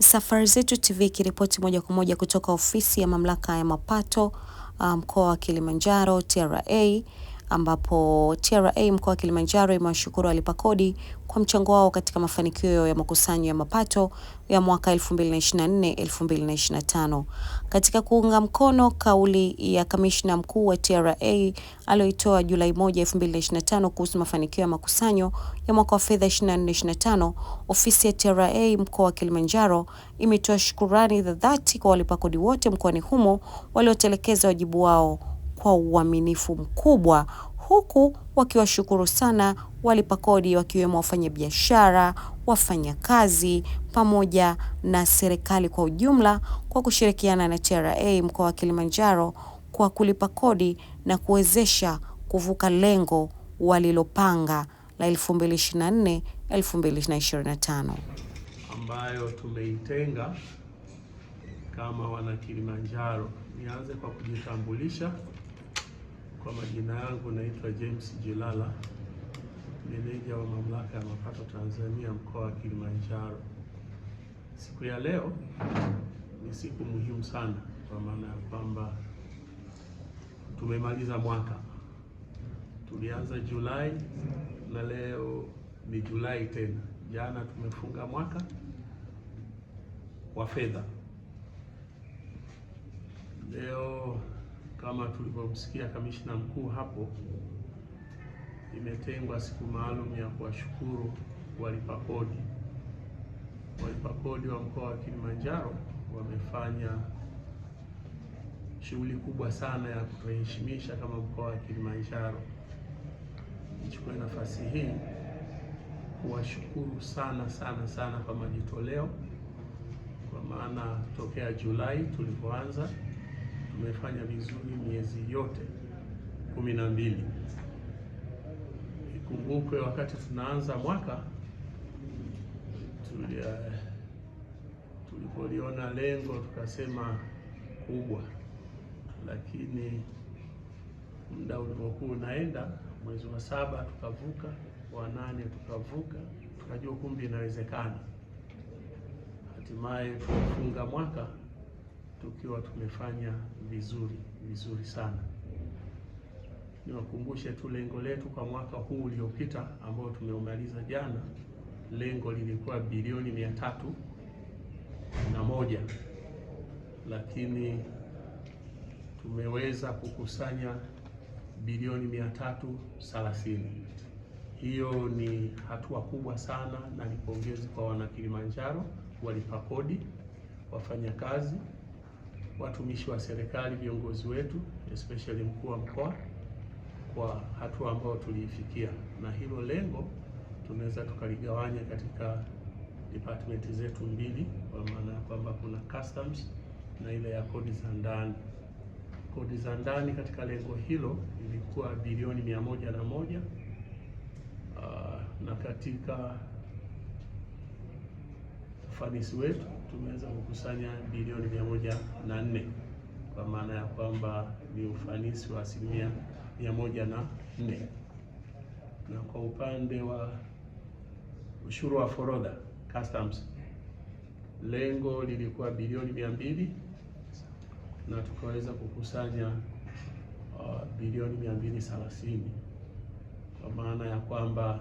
Safari Zetu TV ikiripoti moja kwa moja kutoka ofisi ya mamlaka ya mapato uh, mkoa um, wa Kilimanjaro TRA ambapo TRA mkoa wa Kilimanjaro imewashukuru walipa kodi kwa mchango wao katika mafanikio ya makusanyo ya mapato ya mwaka 2024 2025. Katika kuunga mkono kauli ya kamishna mkuu wa TRA aliyoitoa Julai 1, 2025 kuhusu mafanikio ya makusanyo ya mwaka wa fedha 2024-2025, ofisi ya TRA mkoa wa Kilimanjaro imetoa shukurani za dhati kwa walipa kodi wote mkoani humo waliotelekeza wajibu wao kwa uaminifu mkubwa, huku wakiwashukuru sana walipa kodi wakiwemo wafanyabiashara, wafanyakazi pamoja na serikali kwa ujumla kwa kushirikiana na TRA mkoa wa Kilimanjaro kwa kulipa kodi na kuwezesha kuvuka lengo walilopanga la 2024 2025 ambayo tumeitenga kama wana Kilimanjaro. Nianze kwa kujitambulisha. Kwa majina yangu naitwa James Jilala, meneja wa mamlaka ya mapato Tanzania mkoa wa Kilimanjaro. Siku ya leo ni siku muhimu sana kwa maana ya kwamba tumemaliza mwaka, tulianza Julai na leo ni Julai tena. Jana tumefunga mwaka wa fedha, leo kama tulivyomsikia kamishna mkuu hapo, imetengwa siku maalum ya kuwashukuru walipa kodi. Walipa kodi wa mkoa wa Kilimanjaro wamefanya shughuli kubwa sana ya kutuheshimisha kama mkoa wa Kilimanjaro. Nichukue nafasi hii kuwashukuru sana sana sana kwa majitoleo, kwa maana tokea Julai tulipoanza tumefanya vizuri miezi yote kumi na mbili. Ikumbukwe wakati tunaanza mwaka tulia, eh, tulipoliona lengo tukasema kubwa, lakini muda ulivyokuwa unaenda, mwezi wa saba tukavuka, wa nane tukavuka, tukajua kumbe inawezekana, hatimaye tukafunga mwaka tukiwa tumefanya vizuri vizuri sana. Niwakumbushe tu lengo letu kwa mwaka huu uliopita ambao tumeumaliza jana, lengo lilikuwa bilioni mia tatu na moja lakini tumeweza kukusanya bilioni mia tatu thelathini. Hiyo ni hatua kubwa sana, na ni pongezi kwa wana Kilimanjaro, walipa kodi, wafanyakazi watumishi wa serikali, viongozi wetu, especially mkuu wa mkoa kwa hatua ambayo tuliifikia, na hilo lengo tunaweza tukaligawanya katika department zetu mbili, kwa maana ya kwamba kuna customs na ile ya kodi za ndani. Kodi za ndani katika lengo hilo ilikuwa bilioni mia moja na moja ah, na katika ufanisi wetu tumeweza kukusanya bilioni mia moja na nne kwa maana ya kwamba ni ufanisi wa asilimia mia moja na nne na kwa upande wa ushuru wa forodha customs, lengo lilikuwa bilioni mia mbili na tukaweza kukusanya uh, bilioni mia mbili thelathini kwa maana ya kwamba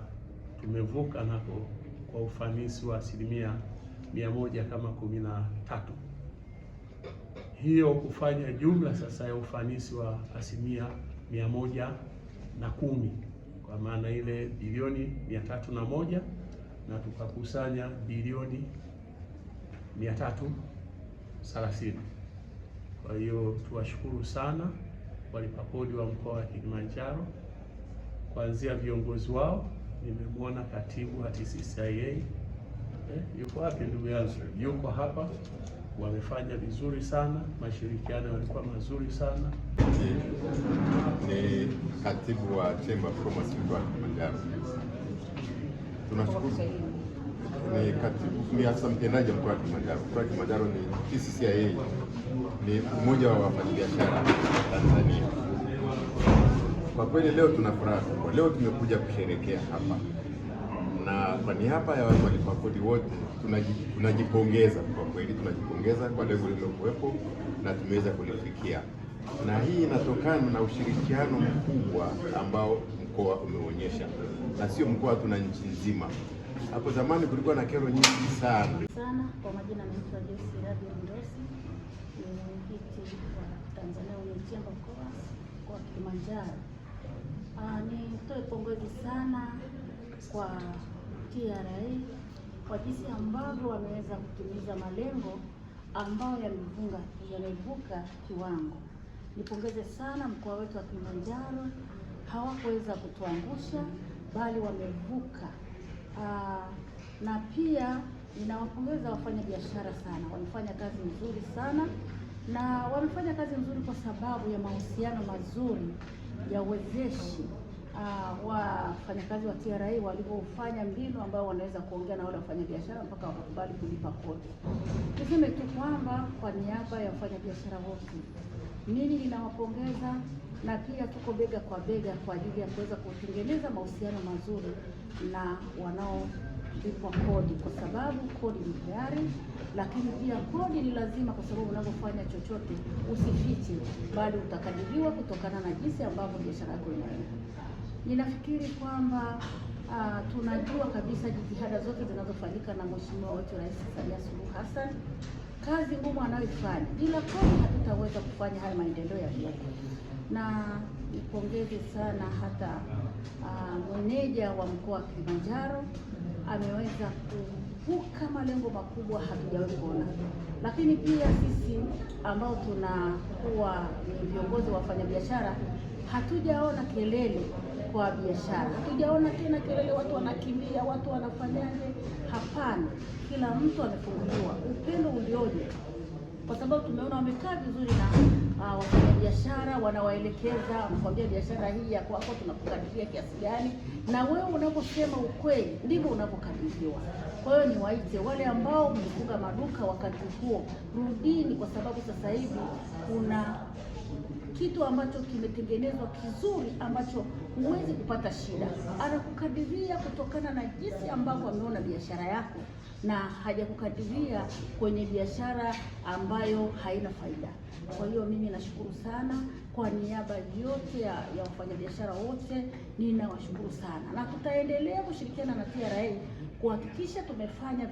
tumevuka nako kwa ufanisi wa asilimia mia moja kama kumi na tatu hiyo kufanya jumla sasa ya ufanisi wa asilimia mia moja na kumi kwa maana ile bilioni mia tatu na moja na tukakusanya bilioni mia tatu thelathini. Kwa hiyo tuwashukuru sana walipa kodi wa mkoa wa Kilimanjaro, kuanzia viongozi wao, nimemwona katibu wa TCCIA eh, yuko wapi ndugu yangu? Yuko hapa, wamefanya vizuri sana, mashirikiano yalikuwa mazuri sana. Ni katibu wa Chamber of Commerce mkoa wa Kilimanjaro. Tunashukuru. Ni katibu ni afisa mtendaji mkoa wa Kilimanjaro. Mkoa wa Kilimanjaro ni TCCIA, ni mmoja wa wafanyabiashara Tanzania. Kwa kweli leo tuna furaha kubwa, leo tumekuja kusherekea hapa na kwa niaba ya watu wa wote tunajipongeza, kwa kweli tunajipongeza kwa lengo lililokuwepo na tumeweza kulifikia, na hii inatokana na ushirikiano mkubwa ambao mkoa umeonyesha, na sio mkoa, tuna nchi nzima. Hapo zamani kulikuwa na kero nyingi sana sana. Kwa majina naitwa Joyce Ndosi, ni wa Tanzania mkoa wa Kilimanjaro. Ah, nitoe pongezi sana kwa TRA kwa jinsi ambavyo wameweza kutimiza malengo ambayo yamevunga yamevuka kiwango. Nipongeze sana mkoa wetu wa Kilimanjaro, hawakuweza kutuangusha bali wamevuka. Aa, ah, na pia ninawapongeza wafanya biashara sana, wamefanya kazi nzuri sana na wamefanya kazi nzuri kwa sababu ya mahusiano mazuri ya uwezeshi Uh, wafanyakazi wa TRA walivyofanya mbinu ambayo wanaweza kuongea na wale wafanyabiashara mpaka wakakubali kulipa kodi. Niseme tu kwamba kwa niaba ya wafanyabiashara wote mimi ninawapongeza na pia tuko bega kwa bega kwa ajili ya kuweza kutengeneza mahusiano mazuri na wanaolipwa kodi, kwa sababu kodi ni tayari, lakini pia kodi ni lazima, kwa sababu unapofanya chochote usifiche, bali utakadiriwa kutokana na jinsi ambavyo biashara yako inaenda. Ninafikiri kwamba uh, tunajua kabisa jitihada zote zinazofanyika na Mheshimiwa wetu Rais Samia Suluhu Hassan, kazi ngumu anayoifanya. Bila kwake hatutaweza kufanya haya maendeleo ya yaliyoko, na nipongeze sana hata uh, meneja wa mkoa wa Kilimanjaro ameweza kuvuka malengo makubwa hatujawahi kuona, lakini pia sisi ambao tunakuwa ni viongozi wa wafanyabiashara hatujaona kelele kwa biashara, hatujaona tena kelele, watu wanakimbia, watu wanafanyaje? Hapana, kila mtu amefunguliwa. Upendo ulioje! Kwa sababu tumeona wamekaa vizuri na uh, wafanyabiashara wanawaelekeza, wanakuambia biashara hii ya kwako tunakukadiria kiasi gani, na wewe unaposema ukweli ndivyo unavyokadiriwa. Kwa hiyo niwaite wale ambao mlifunga maduka wakati huo, rudini, kwa sababu sasa hivi kuna kitu ambacho kimetengenezwa kizuri ambacho huwezi kupata shida. Anakukadiria kutokana na jinsi ambavyo ameona biashara yako, na hajakukadiria kwenye biashara ambayo haina faida. Kwa hiyo mimi nashukuru sana kwa niaba yote ya, ya wafanyabiashara wote ninawashukuru sana, na tutaendelea kushirikiana na TRA kuhakikisha tumefanya